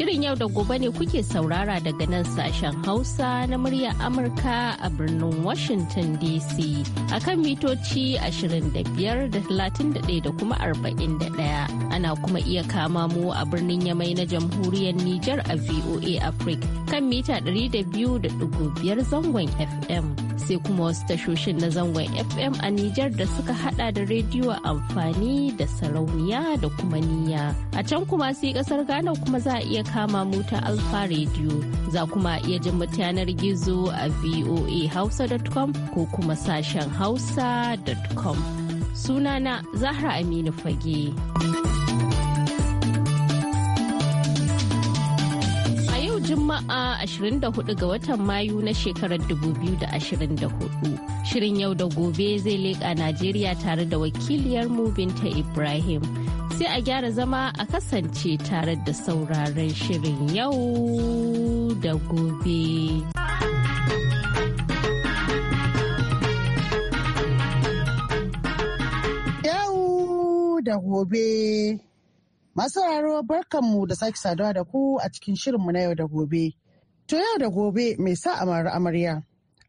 Shirin yau da gobe ne kuke saurara daga nan sashen Hausa na muryar Amurka a birnin Washington DC akan mitoci 25 da 31 da kuma 41. ana kuma iya kama mu a birnin Yamai na jamhuriyar Nijar a VOA Africa kan mita 200.5 zangon FM. Sai kuma wasu tashoshin na zangon FM a Nijar da suka hada da rediyo amfani da sarauniya da kuma niya. A can kuma sai kasar Ghana kuma za a iya kama mu ta Alfa Radio. Za kuma iya jin yanar gizo a voahausa.com ko kuma sashen hausa.com. sunana Zahra Aminu Fage. Juma'a 24 ga watan Mayu na shekarar 2024. Shirin yau da gobe zai leƙa Najeriya tare da wakiliyarmu Binta Ibrahim. Sai a gyara zama a kasance tare da sauraron shirin yau da gobe. Yau da gobe. Masu raro barkanmu da sake saduwa da ku a cikin shirinmu na yau da gobe. To yau da gobe mai sa amara amarya.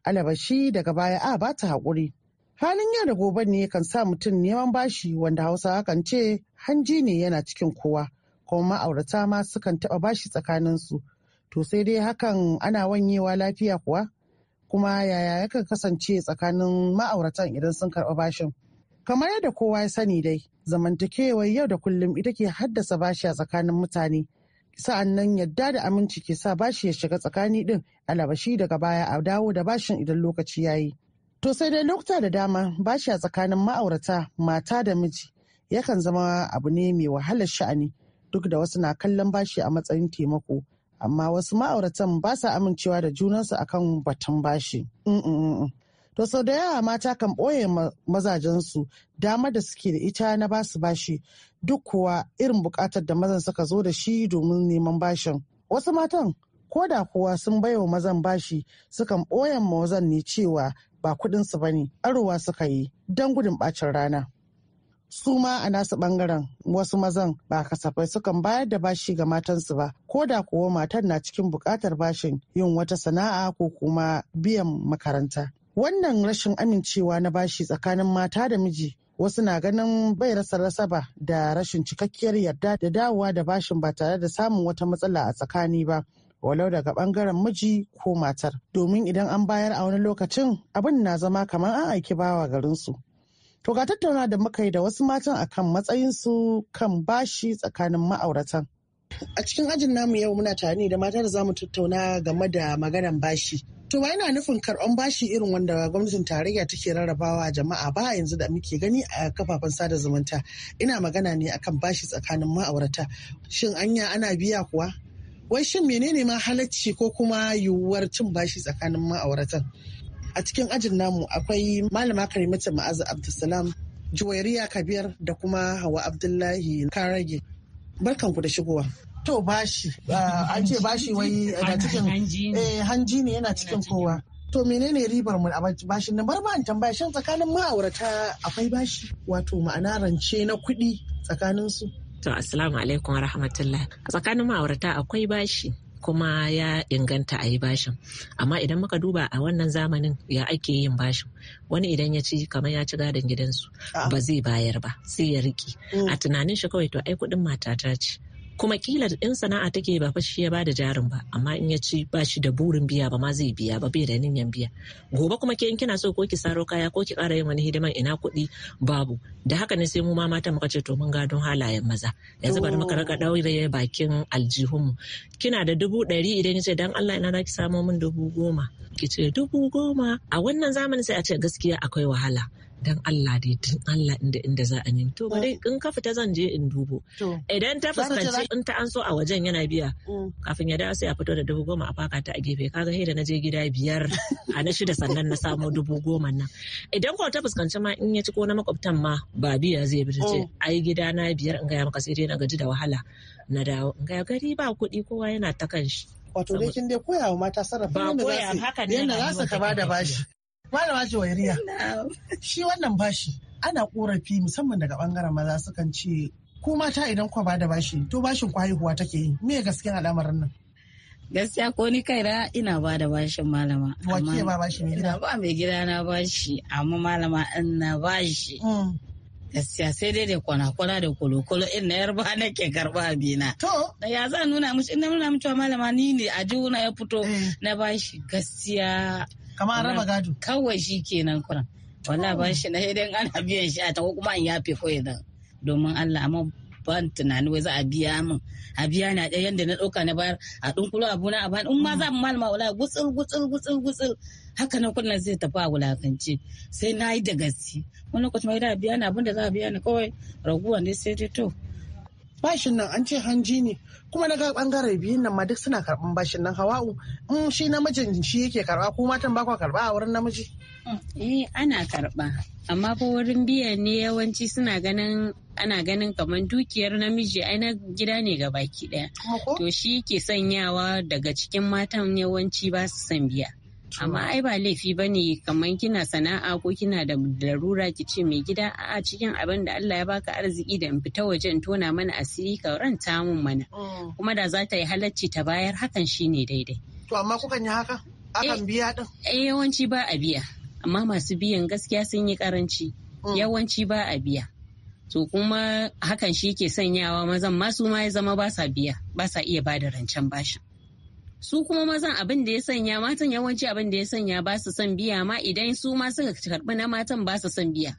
Alabashi daga baya a ba ta haƙuri. Halin yau da gobe ne kan sa mutum neman bashi wanda Hausawa kan ce hanji ne yana cikin kowa, kuma ma'aurata ma sukan taɓa bashi tsakaninsu. To sai dai hakan ana wanyewa lafiya kuwa? Kuma yaya yakan kasance tsakanin ma'auratan idan sun karɓa bashin? Kamar yadda kowa ya sani dai, zamantakewar yau da kullum ita ke haddasa bashi a tsakanin mutane. Sa'an nan yadda da aminci ke sa bashi ya shiga tsakani din alabashi daga baya a dawo da bashin idan lokaci ya yi. To sai dai lokuta da dama bashi a tsakanin ma'aurata mata da miji yakan zama abu ne mai wahalar sha'ani duk da wasu na kallon bashi a matsayin taimako. amma wasu ma'auratan ba sa amincewa da junansu akan batun bashi. To sau da yawa mata kan ɓoye mazajensu dama da suke da ita na basu bashi duk kuwa irin buƙatar da mazan suka zo da shi domin neman bashin. Wasu matan ko da kuwa sun baiwa mazan bashi sukan ɓoye mazan ne cewa ba kuɗinsu ba ne arowa suka yi don gudun ɓacin rana. su ma a nasu ɓangaren wasu mazan ba kasafai sukan bayar da bashi ga matansu ba ko da kuwa matan na cikin buƙatar bashin yin wata sana'a ko kuma biyan makaranta Wannan rashin amincewa na bashi tsakanin mata da miji wasu na ganin bai rasa rasaba da rashin cikakkiyar yarda da dawowa da bashin ba tare da samun wata matsala a tsakani ba. walau daga bangaren miji ko matar domin idan an bayar a wani lokacin abin na zama kamar an aiki bawa garinsu to ga tattauna da muka yi da wasu matan akan matsayinsu kan bashi tsakanin ma'auratan A cikin ajin namu yau muna tare da matar za mu tattauna game da maganan bashi. To ba yana nufin karɓan bashi irin wanda gwamnatin tarayya take rarrabawa jama'a ba yanzu da muke gani a kafafen sada zumunta. Ina magana ne akan bashi tsakanin ma'aurata. Shin anya ana biya kuwa? Wai shin menene ma halacci ko kuma yiwuwar cin bashi tsakanin ma'auratan? A cikin ajin namu akwai malama Karimatu Ma'azu Abdulsalam Juwairiya Kabir da kuma Hawa Abdullahi Karage. barkanku da shigowa. To bashi, an ce bashi wai da cikin hanji ne eh, yana cikin kowa. To menene ribar mu a bashin nan bar an tambaya shan tsakanin ma'aurata akwai bashi wato ma'ana rance na kuɗi tsakanin su. To assalamu alaikum rahmatullah. Tsakanin ma'aurata akwai bashi kuma ya inganta a yi bashin amma idan muka duba a wannan zamanin ya ake yin bashin wani idan ya ci kamar ya ci gadon gidansu ah. ba zai bayar ba sai ya riƙe mm. a tunanin shi kawai to ai kuɗin matata ce kuma kila in sana'a take ba fashi ya bada jarin ba amma in ya ci ba shi da burin biya ba ma zai biya ba bai da niyan biya gobe kuma ke in kina so ko ki saro kaya ko ki kara yin wani hidiman ina kuɗi babu da haka ne sai mu ma mata muka ce to mun gadon halayen maza yanzu bari muka raka ya bakin aljihunmu kina da dubu ɗari idan ce dan Allah ina ki samo min dubu goma ki ce dubu goma a wannan zamanin sai a ce gaskiya akwai wahala dan Allah dai tun Allah inda inda za a yi to bari mm. in ka fita zan je in dubo idan ta fuskanci in ta an so a wajen yana biya mm. kafin ya dawo sai a fito da dubu goma a faka ta a gefe kaga sai da na je gida biyar a na shida sannan na samo dubu goma nan idan ko ta fuskanci ma in ya ci ko na makwabtan ma ba biya zai bi ce mm. ai gida na biyar in gaya maka sai dai na gaji da wahala na dawo in ga gari ba kuɗi kowa yana ta kan shi wato dai kin dai koyawa mata sarrafa yadda za su yadda za su kama da bashi malama juwairiya shi wannan bashi ana korafi musamman daga bangaren maza sukan ce ku mata idan kwa ba da bashi to bashin kwahihuwa take yi me gaskiyan al'amarin nan gaskiya ko ni kaina ina ba da bashin malama wace ba bashi mai gida ba mai gida na bashi amma malama in na bashi mm. gaskiya sai dai da kwana-kwana da kolokolo in na yarba ke karba bina. To. Da ya za nuna mishi ina nuna mishi wa malama ni ne a juna ya fito eh. na bashi gaskiya kamar an raba gado kawai shi kenan kuran wala ba shi na idan ana biyan shi a ta kuma an yafe ko idan domin Allah amma ban tunani wai za a biya min a biya na ɗaya yadda na ɗauka na bayar a dunkulo abu na a bayan in ma za mu malama wala gutsul gutsul gutsul gutsul haka nan kullun zai tafi a wulakance sai na yi da gaske wani kuma ma a biya na abin da za a biya ni kawai raguwa ne sai dai to bashin nan an ce hanji ne kuma na ga bangare biyun nan ma duk suna karban bashin nan hawa'u in shi namijin shi yake karba ko matan bakwa karba a wurin namiji eh ana karba amma fa wurin biya ne yawanci suna ganin ana ganin kamar dukiyar namiji ai na gida ne ga baki daya to shi yake sanyawa daga cikin matan yawanci ba su san biya amma ai ba laifi ba ne kamar kina sana'a ko kina da larura ki ce mai gida a cikin abin da Allah ya baka arziki da in fita wajen in tona mana asiri ka ranta mun mana mm. kuma da za ta yi halacci ta bayar hakan shine daidai to amma kukan yi haka akan eh, biya din eh yawanci ba a biya amma masu biyan gaskiya sun yi karanci mm. yawanci ba a biya to kuma hakan shi ke sanyawa mazan masu ma ya zama ba sa biya ba sa iya bada rancen bashin su kuma mazan abin da ya sanya matan yawanci abin da ya sanya ba su son biya ma idan su ma suka karɓi na matan ba su son biya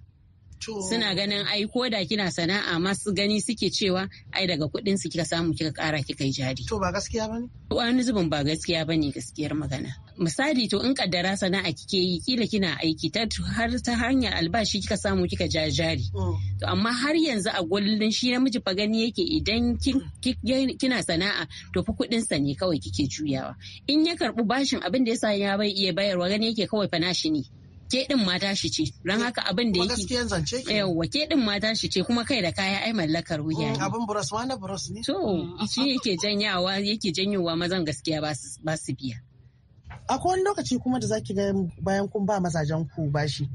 Suna ganin ai ko da kina sana'a masu gani suke cewa ai daga kuɗin su kika samu kika ƙara kika yi jari. To ba gaskiya bane? Wani zubin ba gaskiya bane gaskiyar magana. Misali to in kaddara sana'a kike yi kila kina aiki ta har ta hanyar albashi kika samu kika ja jari. Mm. To amma har yanzu a gullun shi namiji fa gani yake idan kina sana'a to fa kuɗin sa ne kawai kike juyawa. In ya karɓi bashin abin da ya sa ya bai iya bayarwa gani yake kawai fa nashi ne. ke din mata shi ce don haka abin da yake yawa ke din mata shi ce kuma kai da kaya ai mallakar wuya ne mm, abin buras ma na buras ne to shi yake janyawa yake janyowa mazan gaskiya ba su biya akwai wani lokaci kuma da zaki ga bayan kun ba mazajen ku bashi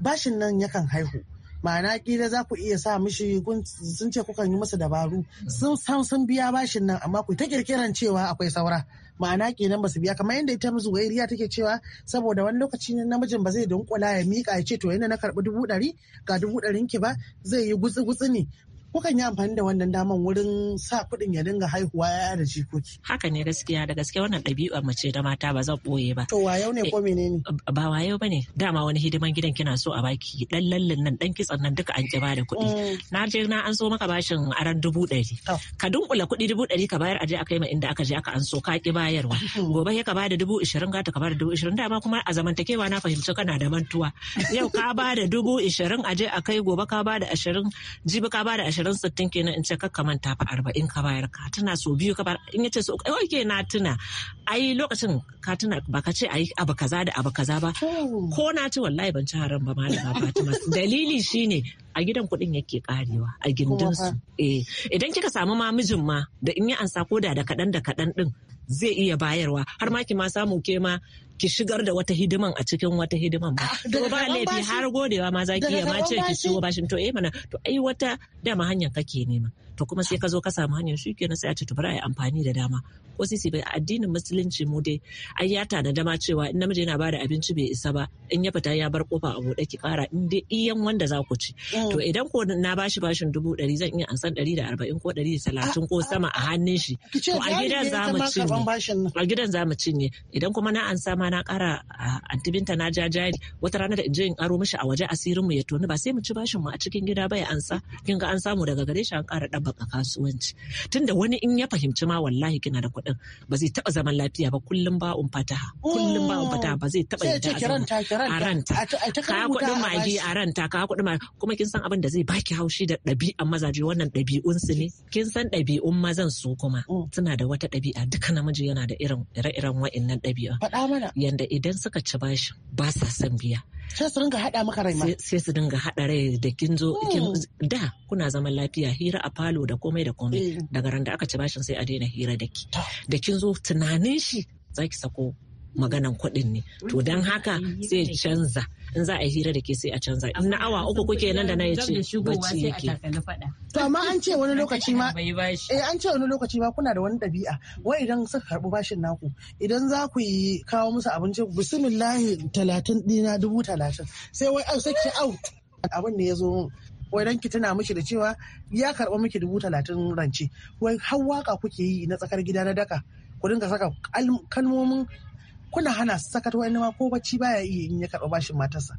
bashin nan yakan haihu ma'ana kila za ku iya sa mishi sun ce kukan yi masa dabaru sun san sun biya bashin nan amma ku ta kirkiran cewa akwai saura ma'ana kenan ba su biya kamar yadda ita zuwairiya take cewa saboda wani lokaci namijin ba zai dunkula ya mika ya ce to yana na karbi dubu ɗari ga dubu ɗarin ki ba zai yi gutsi gutsi ne kukan yi amfani da wannan daman wurin sa kuɗin ya dinga haihuwa ya da jikoki. Haka ne gaskiya da gaske wannan ɗabi'a mace da mata ba zan ɓoye ba. To wayo ne ko eh, menene? Ba wayo ba ne dama wani hidiman gidan kina so a baki ɗan lallin nan ɗan kitsan nan duka an ki ba da kuɗi. Mm. Na je na an so maka bashin aran dubu ɗari. Ka dunkula kuɗi dubu ɗari ka bayar a je a kai ma inda aka je aka an so ka ki bayarwa. Mm. Gobe ya ka bada dubu ishirin gata ka bada dubu ishirin dama kuma a zamantakewa na fahimci kana da mantuwa. Yau ka bada dubu ishirin aje a kai gobe ka bada ashirin jibi ka bada ashirin shekarun sittin kenan in ce ka manta fa arba'in ka bayar ka tana so biyu ka bayar in yace so oke na tuna ai lokacin ka tuna ba ka ce ai abu kaza da abu kaza ba ko na ci wallahi ban ci haram ba malama Fatima dalili shine a gidan kuɗin yake karewa a gindin su eh, idan kika samu ma mijin ma da in yi ansa koda da kaɗan da kaɗan din zai iya bayarwa har ma ki ma samu ke ma ki shigar da wata hidiman a cikin wata hidiman ba. Ah, to ba laifi har godewa ma za ki iya ma ce ki ciwo bashin to eh mana to ai wata dama hanyar kake nema. to kuma sai ka zo ka samu hanyar shi na sai a ce a yi amfani da dama ko sisi bai addinin musulunci mu dai ai ya tana dama cewa in namiji yana bada abinci bai isa ba in ya fita ya bar kofa a buɗe ki kara in dai iyan wanda za ku ci mm. to idan ko na bashi bashin dubu ɗari zan iya ansan ɗari da arba'in ko ɗari da talatin ko ah, ah, ah. sama a hannun shi to a gidan za mu cinye a gidan za mu cinye idan kuma na ansa ma na kara antibinta na ja jari, wata rana da in je in aro mishi a waje asirin mu ya toni ba sai mu ci bashin mu a cikin gida ba ya ansa kin ga an samu daga gare shi an kara ɗan haɓaka kasuwanci tunda wani in ya fahimci ma wallahi kina da kuɗin ba zai taɓa zaman lafiya ba kullum ba un fataha kullum ba un fataha ba zai taɓa yadda a ranta ka kuɗin magi a ranta ka kuɗin magi kuma kin san abin da zai baki haushi da ɗabi'an mazaje wannan ɗabi'un su ne kin san ɗabi'un mazan su kuma mm. suna da wata ɗabi'a duka namiji yana da irin ire-iren wa'innan ɗabi'a faɗa mana yanda idan suka ci bashi ba sa son biya sai su dinga haɗa maka rai sai su dinga haɗa rai da kin zo mm. da kuna zaman lafiya hira a falo falo da komai da komai mm. daga ran da aka ci bashin sai a daina hira da ki da kin zo tunanin shi zaki sako maganan kuɗin ne to mm. don haka sai canza in za a yi hira da ke sai a canza in na awa uku kuke nan da na yace bacci yake to amma an ce wani lokaci ma eh an ce wani lokaci ma kuna da wani ɗabi'a wai idan suka karɓi bashin naku idan za ku yi kawo musu abinci bismillah talatin dina dubu talatin sai wai sai ki au abin da ya zo wai dan ki tana mishi da cewa ya karba miki dubu talatin rance wai har waka kuke yi na tsakar gida na daka ku dinga saka kalmomin kuna hana su sakat wani ma ko bacci baya iya in ya karba bashin matarsa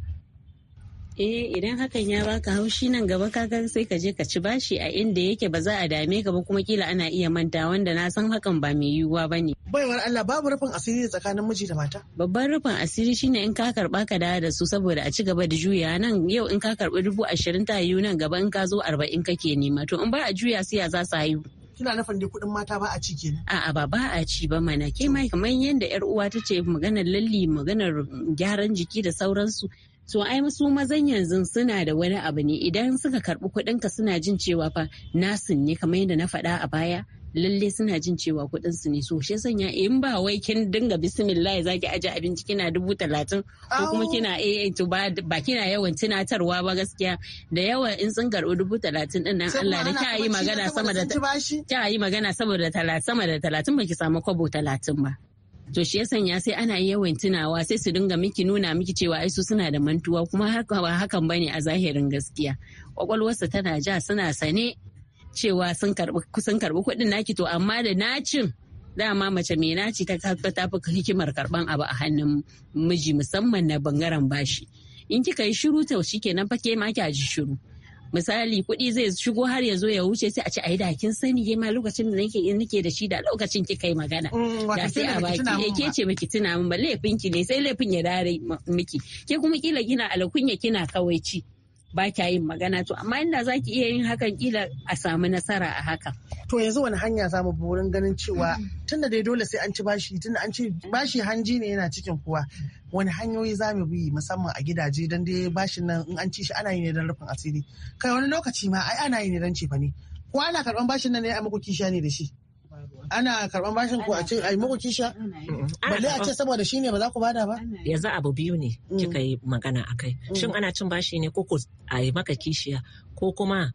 eh idan hakan ya baka haushi nan gaba ka kakan sai ka je ka ci bashi a inda yake ba za a dame ka ba kuma kila ana iya manta wanda na san hakan ba mai yiwuwa ba ne. baiwar Allah babu rufin asiri tsakanin miji da mata. babban rufin asiri shine in ka karba ka dawo da su saboda a ci gaba da juya nan yau in ka karbi dubu ashirin ta yiwu nan gaba in ka zo arba'in kake nema to in ba a juya sai za su haihu. kina nufin da kuɗin mata ba a ci kenan. A'a ba ba a ci ba mana ke ma kamar yadda yar uwa ta ce maganar lalli maganar gyaran jiki da sauransu to ai su mazan yanzu suna da wani abu ne idan suka karbi ka suna jin cewa fa nasin ne kamar yadda na faɗa a baya lalle suna jin cewa kuɗin su ne so shi sanya in ba wai kin dinga bismillah zaki aje abinci kina dubu talatin ko kuma kina eh, eh to ba kina yawan tunatarwa ba gaskiya da yawa in sun dubu talatin din nan Allah da kya magana sama da magana sama da talatin sama da baki samu kwabo talatin ba to shi ya sanya sai ana yawan tunawa sai su dinga miki nuna miki cewa ai su suna da mantuwa kuma haka ba hakan bane a zahirin gaskiya kwakwalwarsa tana ja suna sane cewa sun karbi kusan karbi kuɗin naki to amma da nacin dama mace mai naci ta ta fi hikimar karban abu a hannun miji musamman na bangaren bashi in kika yi shiru to shikenan fa ke ma ki ji shiru misali kuɗi zai shigo har ya zo ya wuce sai a ce a da kin sani ke ma lokacin da nake nake da shi da lokacin ki kai magana mm, da sai a baki eh ke ce miki tuna min ba laifin ki ne sai laifin ya dare miki ke kuma kila kina alkunya kina ci. ba kya yin magana to amma inda za ki iya yin hakan kila a samu nasara a haka. To yanzu wani hanya za mu burin ganin cewa tunda dai dole sai an ci bashi tunda an ci bashi hanji ne yana cikin kuwa wani hanyoyi za mu bi musamman a gidaje don dai bashin nan in an ci shi ana yi ne don rufin asiri kai wani lokaci ma ai ana yi ne don cefa ne ko ana karban bashin nan ne a muku kishiya ne da shi. ana karban bashin ku a ce ayi muku kisha balle a ce saboda shi ne ba za ku bada ba yanzu abu biyu ne mm. kika yi magana akai mm. shin ana cin bashi ne ko ku a maka kishiya ko kuma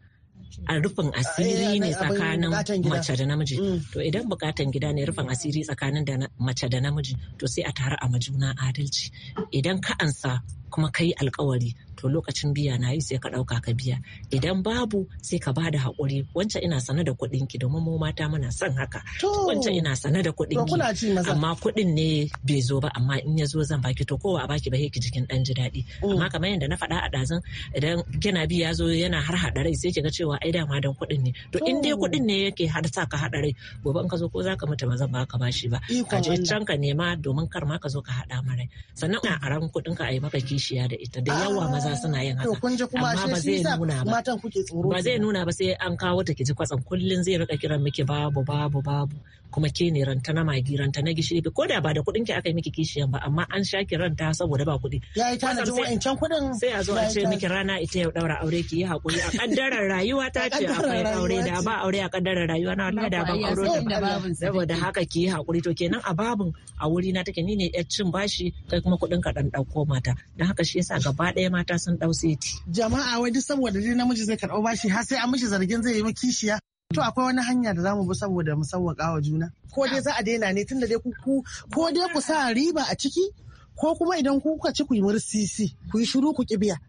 a rufin asiri eh, ne tsakanin mace da namiji mm. to idan bukatan gida ne rufin asiri tsakanin mace da namiji to sai a tare a majuna adalci idan ka ansa kuma kai alkawari to lokacin biya na yi sai ka ɗauka ka biya idan babu sai ka bada haƙuri wancan ina sana da kuɗin ki domin mu mata muna son haka wancan ina sana da kuɗin ki amma kuɗin ne bai zo ba amma in ya zo zan baki to kowa a baki ba ki jikin ɗan ji daɗi mm. amma kamar yadda na faɗa a ɗazun idan kina bi ya zo yana har haɗa rai sai kiga cewa ai dama dan kuɗin ne to in dai kuɗin ne yake har sa ka haɗa rai gobe in ka zo ko za ka mutu ba zan baka bashi ba ka je can ka nema domin kar ma ka zo ka haɗa marai sannan a ran kuɗin ka a maka kishi kishiya da ita da yawa ah, maza suna yin haka amma ba zai nuna ba matan kuke tsoro ba zai nuna ba sai an kawo ta kiji kwatsan kullun zai rika kiran miki babu babu babu kuma ke ne ranta na magi ranta na gishiri ko da ba da kuɗin ki aka yi miki kishiyan ba amma an sha ki ranta saboda ba kuɗi ya yi ji wa'incan kuɗin sai a zo a ce miki rana ita yau daura aure ki yi hakuri a kaddarar rayuwa ta ce akwai aure da ba aure a kaddarar rayuwa na wallahi da ban aure da saboda haka ki yi hakuri to kenan a babun a wuri na take ni ne yar cin bashi kai kuma kuɗin ka dan dauko mata dan haka shi yasa gaba ɗaya mata sun dau seti jama'a wai duk saboda dai namiji zai karɓo bashi har sai an mishi zargin zai yi kishiya to mm. akwai wani hanya da zamu bi saboda mu sauwaka wa juna ko dai za a daina ne tunda dai ku ko dai ku sa riba a ciki ko kuma idan ku kuka ci ku yi mursisi ku yi shiru ku kibiya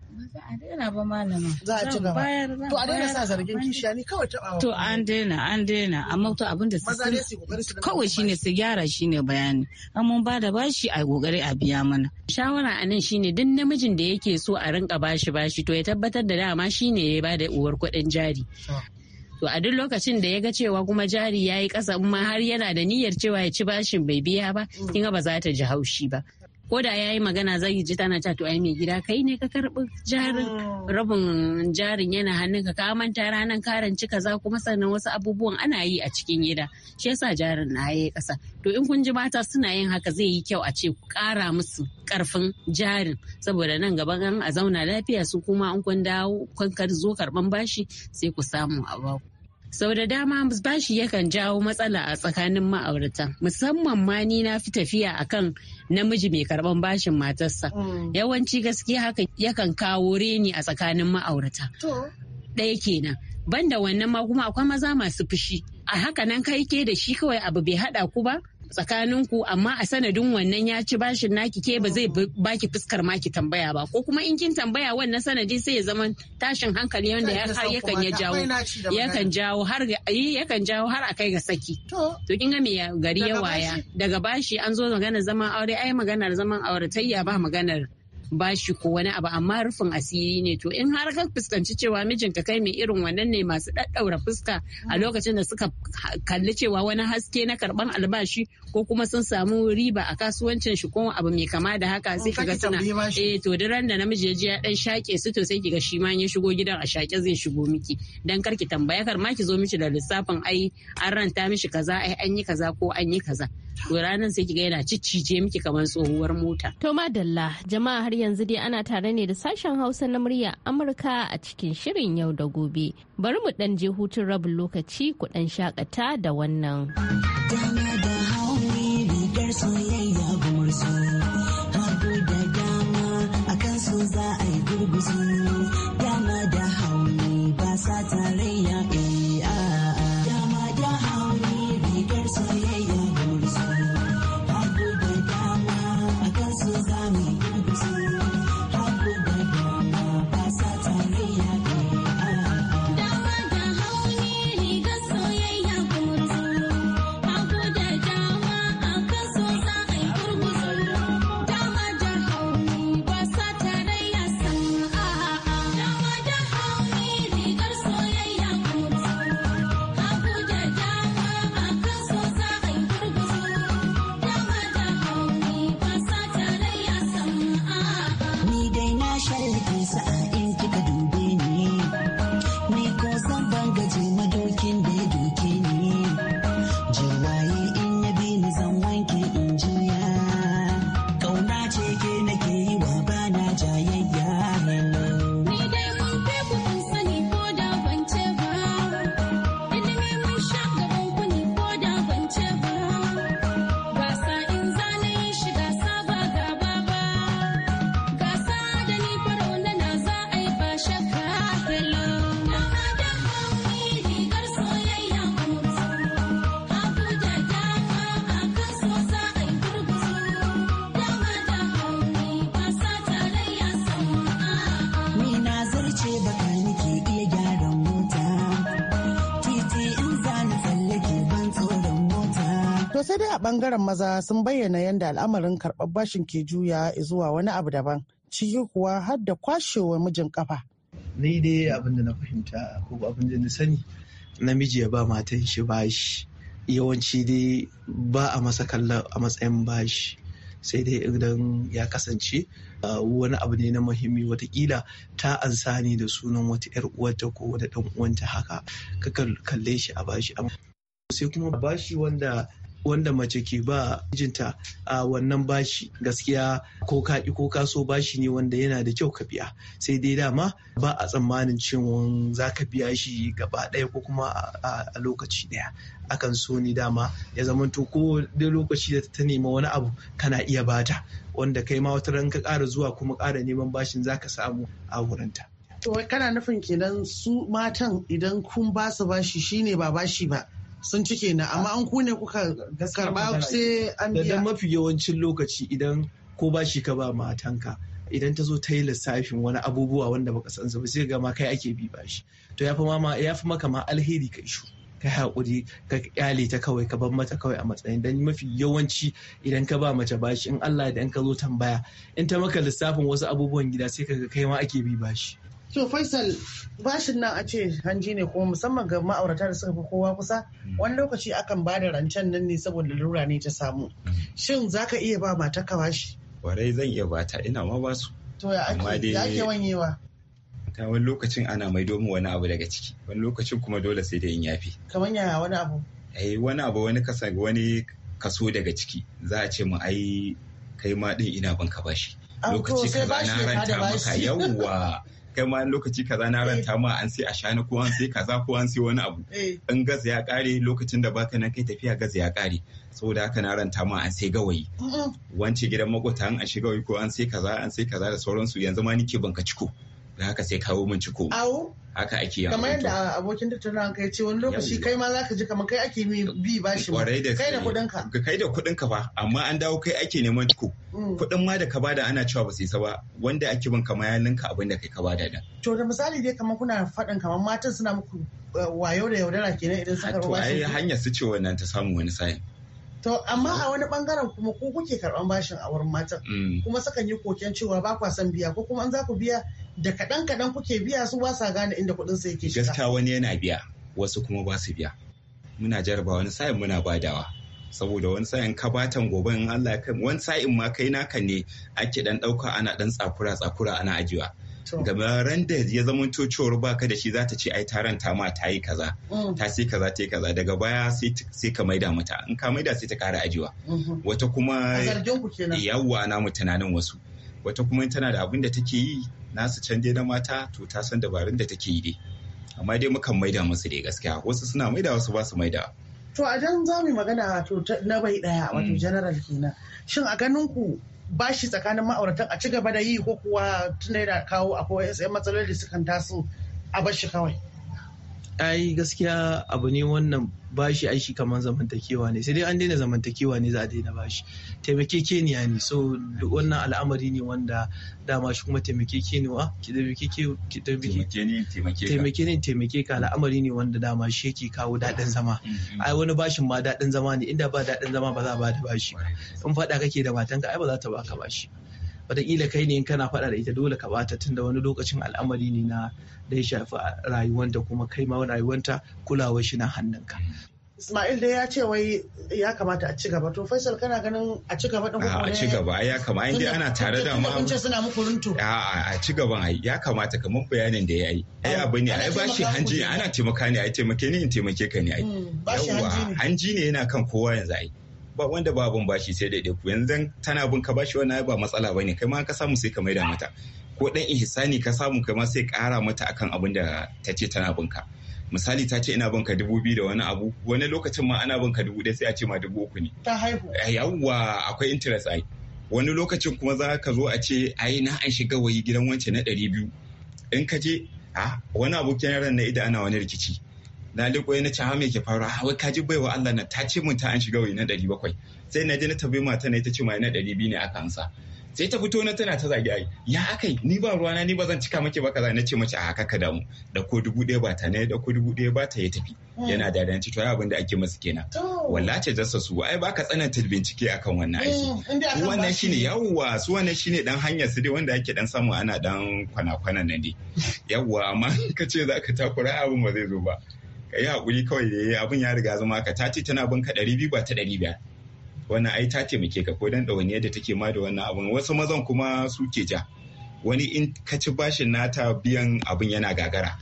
za a ci gaba to a daina sa zargin kishiya ne kawai ta to an daina an daina amma to abin da su kawai shine su gyara shine bayani an mun ba da bashi a kokari a biya mana shawara a nan shine duk namijin da yake so a rinka bashi bashi to ya tabbatar da dama shine ya ba da uwar kuɗin jari to a duk lokacin da ya ga cewa kuma jari ya yi ƙasa ma har yana da niyyar cewa ya ci bashin bai biya ba mm. kin ga ba za ta ji haushi ba ko da ya yi magana zai yi ji tana ta to ai mai gida kai ne ka karbi jarin ah. rabin jarin yana hannun ka ka manta ranar karan cika za kuma sannan wasu abubuwan ana yi a cikin gida shi yasa jarin na ya kasa to in kun ji mata suna yin haka zai yi kyau a ce ku kara musu karfin jarin saboda nan gaba an a zauna lafiya su kuma an kun dawo kun zo karban bashi sai ku samu a sau da dama bashi yakan jawo matsala a tsakanin ma'aurata musamman ma ni na fi tafiya a kan namiji mai karban bashin matarsa mm. yawanci gaskiya haka yakan kawo reni a tsakanin ma'aurata ɗaya kenan banda wannan ma kuma akwai maza masu fushi a haka nan kai ke da shi kawai abu bai haɗa ku ba tsakaninku amma a sanadin wannan ya ci bashin naki ke ba zai baki fuskar ma ki tambaya ba ko kuma in kin tambaya wannan sanadi sai ya zama tashin hankali wanda ya yakan ya jawo eh, yakan jawo har yakan jawo har akai ga saki to kin ga me gari ya waya daga bashi an zo maganar zaman aure ai maganar zaman auratayya ba maganar bashi ko wani abu amma rufin asiri ne to in har ka fuskanci cewa mijinka kai mai irin wannan ne masu daddaura fuska a mm. lokacin da suka kalli cewa wani haske na karban albashi ko kuma sun samu riba a kasuwancin shi ko abu mai kama da haka sai kaga suna eh to duk da namiji ya ji ya dan shake su to sai kiga shi ma ya shigo gidan a shake zai shigo miki dan karki tambaya kar ma ki zo miki da lissafin ai an ranta mishi kaza ai an yi kaza ko an yi kaza to ranar sai kiga yana ciccije miki kamar tsohuwar mota. To madalla jama'a har yanzu dai ana tare ne da sashen Hausa na murya Amurka a cikin shirin yau da gobe. Bari mu dan je hutun rabin lokaci ku dan shakata da wannan. soyayya da dama a kansu za a yi gurguzu dama da hauni ba sa tarayya sai dai a bangaren maza sun bayyana yadda al'amarin karɓar bashin ke juya zuwa wani abu daban ciki kuwa har da kwashewa mijin kafa ni dai abin da na fahimta ko abin da na sani namiji ya ba matan shi bashi yawanci dai ba a masa kallon a matsayin bashi sai dai idan ya kasance wani abu ne na muhimmi watakila ta ansani da sunan wata 'yar uwarta ko wata dan uwanta haka ka kalle shi a bashi sai kuma bashi wanda wanda mace ke ba mijinta a wannan bashi gaskiya ko ka ko ka so bashi ne wanda yana da kyau ka biya sai dai dama ba a tsammanin cewa za ka biya shi gaba ɗaya ko kuma a lokaci ɗaya akan so ni dama ya zamanto ko da lokaci da ta nema wani abu kana iya bata wanda kai ma wata ran ka ƙara zuwa kuma kara neman bashin zaka samu a wurinta. To kana nufin kenan su matan idan kun ba su bashi shine ba bashi ba sun cike na amma an ku kuka karba sai an biya. Da mafi yawancin lokaci idan ko ba shi ka ba matanka idan ta zo ta yi lissafin wani abubuwa wanda baka san su ba sai ga ma kai ake bi ba shi to ya fi mama ya maka ma alheri ka ishu ka hakuri ka kyale ta kawai ka bar mata kawai a matsayin dan mafi yawanci idan ka ba mace bashi in Allah idan ka zo tambaya in ta maka lissafin wasu abubuwan gida sai kaga kai ma ake bi bashi To Faisal bashin nan a ce hanji ne kuma musamman ga ma'aurata da suka fi kowa kusa mm. wani lokaci akan ba da rancen nan ne saboda lura ne ta samu. Mm. Shin za ka iya ba mata ka bashi? Warai zan iya ba ta ina ma ba su. To ya ake wanyewa? Ta wani lokacin ana mai domin wani abu daga ciki wani lokacin kuma dole sai da yin yafi. Kamar yaya wani abu? Eh wani abu wani kasa wani kaso daga ciki za a ce mu ai kai ma din ina ban ka ah, bashi. Lokaci kaza na ranta maka yawwa. kai ma lokaci kaza na eh. ranta ma an sai a shani ko an sai kaza ko an sai wani abu eh. in gas ya kare lokacin da baka nan kai tafiya gas ya kare saboda haka na ranta ma an sai gawayi wance gidan makwata an shi gawayi ko an sai kaza an sai kaza da sauransu yanzu ma nike banka ciko da haka sai kawo min ciko awo haka ake yawon kamar yadda abokin tattaunawa kai ce wani lokaci kai ma zaka ji kamar kai ake bi bashi kwarai da kai da kudinka. ka kai da kuɗinka ba fa amma an dawo kai ake neman ciko mm. kudin ma da ka bada ana cewa ba su isa ba wanda ake bin kamar yanin ninka abin da kai ka bada da to da misali dai kamar kuna faɗin kamar matan suna muku eh, wayo da yaudara kenan idan suka ruwa shi to ai hanyar su ce wannan ta samu wani sayin. To amma a wani bangaren kuma ko kuke karban bashin a wurin matan mm. kuma sukan yi koken cewa ba kwa son biya ko kuma an za ku biya da kaɗan kaɗan kuke biya su ba sa gane inda kuɗin su yake shiga gaskiya wani yana biya wasu kuma ba su biya muna jaraba wani sa'in muna badawa saboda wani sa'in ka batan gobe in Allah ya kai wani sa'in ma kai naka ne ake dan ɗauka ana ɗan tsakura tsakura ana ajiwa Da ran da ya zama cewar baka da shi za ta ce ai taron ta ma ta yi kaza mm. ta sai kaza ta yi kaza daga baya sai ka maida mata in ka maida sai ta kara ajiwa mm-hmm. wata kuma yawwa na mu tunanin wasu wata kuma tana da abin da take yi nasu can na mata to ta san dabarun da take yi dai amma dai mukan maida musu dai gaskiya wasu suna maida wasu ba su maida to a dan za mu magana to na bai daya wato hmm. general kenan shin a ganin ku bashi tsakanin ma'auratan a ci gaba da yi ko kuwa tunda yana kawo akwai sai matsaloli da sukan taso a bar shi kawai ai gaskiya abu ne wannan bashi aiki kamar zamantakewa ne sai dai an daina zamantakewa ne za a daina bashi taimakekeniya ne so wannan al'amari ne wanda dama shi kuma taimakekeniwa taimake ne taimake ka al'amari ne wanda dama shi yake kawo daɗin zama mm, mm. ai wani bashin ma daɗin zama ne inda ba daɗin zama ba za a ba da bashi in faɗa kake da matanka ai ba za ta baka bashi wataƙila kai ne in kana faɗa da ita dole ka bata tunda wani lokacin al'amari ne na da ya shafi rayuwanta kuma kai ma rayuwanta kulawar shi na hannunka. Ismail dai ya ce wai ya kamata a ci gaba to Faisal kana ganin a ci gaba din kuma a ci gaba ya kamata indai ana tare da mu kun ce suna muku runtu a a ci gaban ai ya kamata kamar bayanin da yayi ai abu ne ai bashi hanji ana taimaka ne ai taimake ni in taimake ka ne ai hmm. yawa hanji ne yana kan kowa yanzu ai ba wanda ba bashi sai daidai ku yanzu tana bin ka bashi wani ba matsala bane kai ma ka samu sai ka maida mata ko dan ihsani ka samu kai ma sai kara mata akan abin da ta ce tana bin ka misali ta ce ina bin ka dubu biyu da wani abu wani lokacin ma ana bin ka dubu ɗaya sai a ce ma dubu uku ne ta haihu eh, yawwa akwai interest ai wani lokacin kuma za ka zo a ce ai na an shiga wayi gidan wance na ɗari biyu in ka je a ah, wani abokin yaran na ida ana wani rikici na liko na ce ha me ke faru ha ah, wai kaji baiwa Allah na ta ce mun ta an shiga na ɗari bakwai sai na je na tabi mata na ita ce mai ɗari biyu ne aka ansa sai ta fito na tana ta zagi ai ya akai ni ba ruwana ni ba zan cika miki ba kaza na ce mace a haka ka damu da ko dubu ɗaya ba ta ne da ko dubu ɗaya ba ta ya tafi hmm. yana da danci to abin da ake masa kenan wallace jassa su ai baka tsananta bincike akan wannan aiki wannan shine yawwa su wannan shine dan hanyar su dai wanda ake dan samu ana dan kwana-kwana nan dai yawwa amma kace zaka takura abin ba zai zo ba ka yi haƙuri kawai da abin ya riga zama ka tace tana bin ka ɗari biyu ba ta ɗari biyar wannan ai ta taimake ka ko dan wani yadda take ma da wannan abin wasu mazan kuma su ke ja wani in ka ci bashin nata biyan abin yana gagara.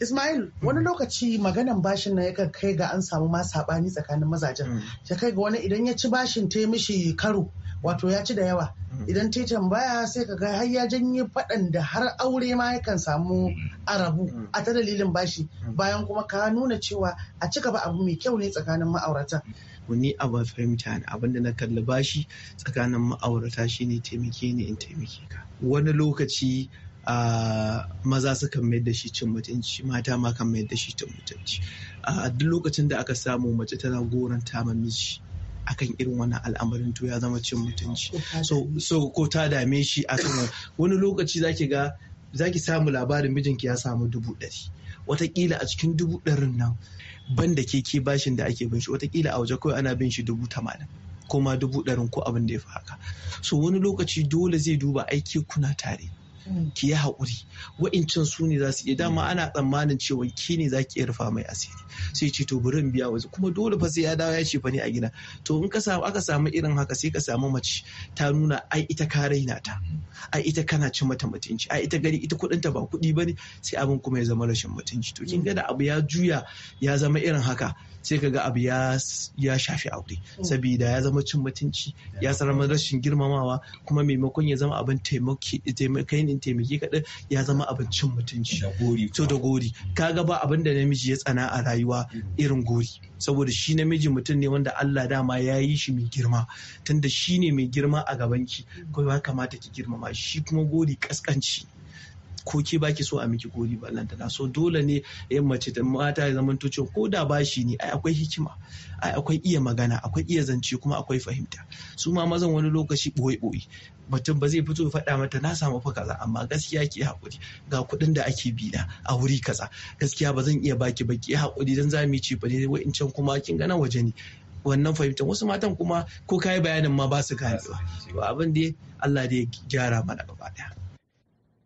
Ismail wani lokaci maganan bashin na yakan kai ga an samu ma saɓani tsakanin mazajen. Hmm. Ya kai ga wani idan ya ci bashin ta mishi karo wato ya ci da yawa mm-hmm. idan ta tambaya sai ka ga har ya janye faɗan da har aure ma yakan samu arabu mm-hmm. a ta dalilin bashi mm-hmm. bayan kuma ka nuna cewa a cika ba abu mai kyau ne tsakanin ma'aurata ni a fahimta ne da na kalli bashi tsakanin ma'aurata shine taimake ni in taimake ka wani lokaci Uh, maza sukan mayar da shi cin mutunci mata ma kan mayar da shi cin mutunci a duk lokacin da aka samu mace tana goranta ma miji akan irin wannan al'amarin to ya zama cin mutunci so ko ta dame shi a kan wani lokaci zaki ga zaki samu labarin mijinki ya samu dubu ɗari watakila a cikin dubu ɗarin nan ban da keke bashin da ake bin shi watakila a waje kawai ana bin shi dubu tamanin ko ma dubu ɗarin ko abin da ya fi haka so wani lokaci dole zai duba aiki kuna tare ki yi haƙuri wa'incin su ne za su iya dama ana tsammanin cewa ki ne za ki iya rufa mai asiri sai ce to bari biya wasu kuma dole fa sai ya dawo ya ce fa ne a gina. to in ka samu aka samu irin haka sai ka samu mace ta nuna ai ita ka raina ta ai ita kana cin mata mutunci ai ita gari ita kuɗin ta ba kuɗi ba ne, sai abin kuma ya zama rashin mutunci to kin ga da abu ya juya ya zama irin haka sai ka ga abu ya shafi aure mm. saboda ya zama cin mutunci ya zama rashin girmamawa kuma maimakon ya zama abin in taimaki kaɗan ya zama abin cin mutunci to da gori ka ga ba abin da namiji ya tsana a rayuwa mm. irin gori saboda shi namiji mutum ne wanda Allah dama ya yi shi mai girma tunda shi ne mai girma a ki mm. kuma ya kamata ki girmama shi kuma gori kaskanci ko ki baki so a miki gori ballantana so dole ne yan eh, mace da mata ya zama tuce ko da bashi ne ai akwai hikima ai akwai iya magana akwai iya zance kuma akwai fahimta su ma mazan wani lokaci boye boye mutum ba zai fito faɗa mata na samu fa kaza amma gaskiya ki haƙuri ga kuɗin da ake bi na a wuri kaza gaskiya ba zan iya baki ba ki haƙuri dan za mu ci ba ne wa'incan kuma kin gana waje ne wannan fahimtar wasu matan kuma ko kayi bayanin ma ba su ganewa abin da Allah da ya gyara mana gaba daya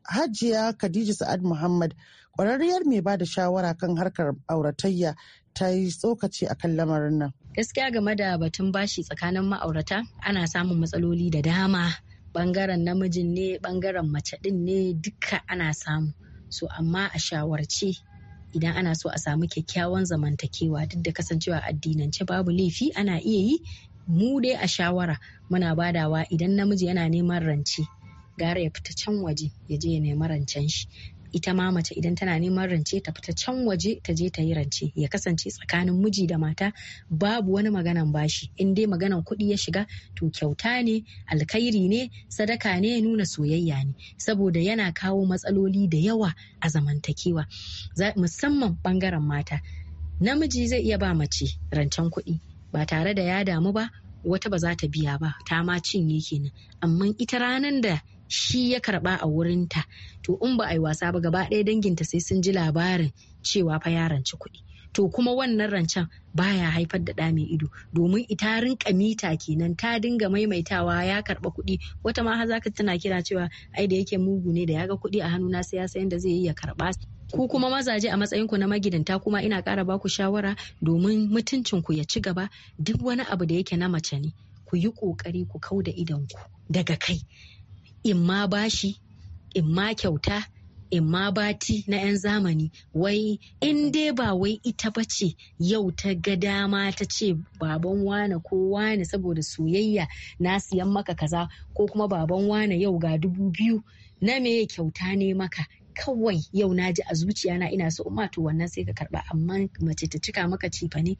Hajiya Khadija Sa'ad Muhammad ƙwararriyar mai ba da shawara kan harkar auratayya ta yi tsokaci akan lamarin nan. Gaskiya game da batun bashi tsakanin ma'aurata ana samun matsaloli da dama bangaren namijin ne bangaren mace din ne duka ana samu. So amma a shawarce idan ana so a samu kyakkyawan zamantakewa duk da kasancewa addinance babu laifi ana iya yi mu dai a shawara muna badawa idan namiji yana neman rance gara ya fita can waje ya je ya nemi rancen shi ita ma mace idan tana neman rance ta fita can waje ta je ta yi rance ya kasance tsakanin miji da mata babu wani maganan bashi in dai maganan kuɗi ya shiga to kyauta ne alkhairi ne sadaka ne nuna soyayya ne saboda yana kawo matsaloli da yawa a zamantakewa musamman bangaren mata namiji zai iya ba mace rancen kuɗi ba tare da ya damu ba wata ba za ta biya ba ta ma cinye kenan amma ita ranar da shi ya karba a wurinta to in ba a yi wasa ba gaba ɗaya danginta sai sun ji labarin cewa fa ya ranci kuɗi to kuma wannan rancen baya haifar da ɗa mai ido domin ita rinka mita kenan ta dinga maimaitawa ya karba kuɗi wata ma har zaka tana kira cewa ai da yake mugu ne da ya ga kuɗi a hannuna sai ya sayan da zai yi ya karɓa ku kuma mazaje a matsayin ku na magidanta kuma ina ƙara baku shawara domin mutuncin ku ya ci gaba duk wani abu da yake na mace ne ku yi ƙoƙari ku kau da ku daga kai in ma bashi in ma kyauta in ma bati na 'yan zamani wai in dai ba wai ita ba ce yau ta ga dama ta ce baban wane ko wane saboda soyayya na siyan maka kaza ko kuma baban wane yau ga dubu biyu na me kyauta ne maka kawai yau na ji a zuciya na ina so ma to wannan sai ka karba amma mace ta cika maka cifa ne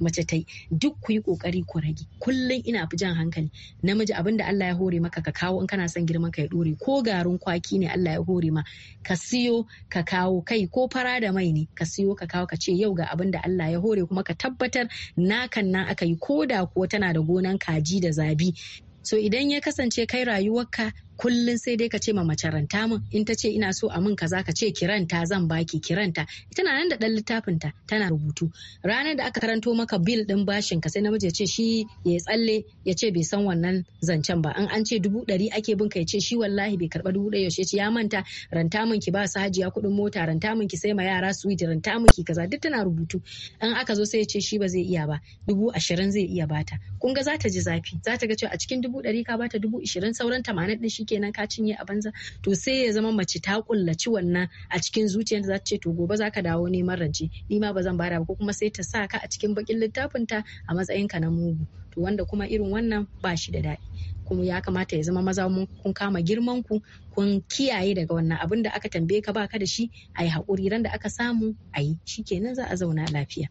mace ta duk ku yi kokari ku rage kullum ina fi jan hankali namiji abin da Allah ya hore maka ka kawo in kana son girman ka ya dore ko garin kwaki ne Allah ya hore ma ka siyo ka kawo kai ko fara da mai ne ka siyo ka kawo ka ce yau ga abin da Allah ya hore kuma ka tabbatar nakan na aka yi ko da kuwa tana da gonan kaji da zabi so idan ya kasance kai rayuwarka kullun sai dai ka ce ma mace ranta min in ta ce ina so a min kaza ka ce kiranta zan baki kiranta ita na nan da dan littafin ta tana rubutu ranar da aka karanto maka bill din bashin ka sai namiji ya ce shi ya tsalle ya ce bai san wannan zancen ba in an ce dubu ɗari ake bin ka ya ce shi wallahi bai karba dubu ɗaya yaushe ce ya manta ranta min ki ba su hajiya kuɗin mota ranta min ki sai ma yara suwiti. ranta min ki kaza duk tana rubutu in aka zo sai ya ce shi ba zai iya ba dubu ashirin zai iya bata kun ga za ta ji zafi za ta ga cewa a cikin dubu ɗari ka bata dubu ashirin sauran tamanin ɗin shi kenan ka cinye a banza to sai ya zama mace ta kullaci wannan a cikin zuciyarta za ta ce to gobe za ka dawo neman rance ni ma ba zan bada ba ko kuma sai ta sa ka a cikin bakin ta a matsayin ka na mugu to wanda kuma irin wannan ba shi da daɗi kuma ya kamata ya zama maza kun kama girman ku kun kiyaye daga wannan abin da aka tambaye ka baka da shi a yi haƙuri ran da aka samu a yi shikenan za a zauna lafiya.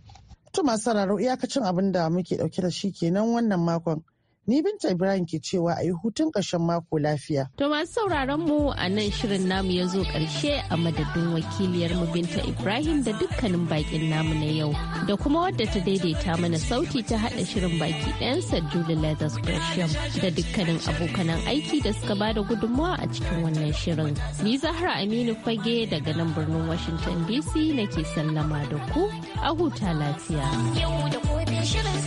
To masu sauraro iyakacin abin da muke ɗauke da shi kenan wannan makon Ni Binta Ibrahim ke cewa a yi hutun ƙarshen mako lafiya. To masu sauraron mu a nan shirin namu ya zo ƙarshe a madadin wakiliyar mu Binta Ibrahim da dukkanin bakin namu na yau da kuma wadda ta daidaita mana sauti ta haɗa shirin baki ɗayansa Julie Leathers Gresham da dukkanin abokanan aiki da suka ba da gudunmawa a cikin wannan shirin. Ni Zahra Aminu Fage daga nan birnin Washington DC nake sallama da ku a huta lafiya. Yau da shirin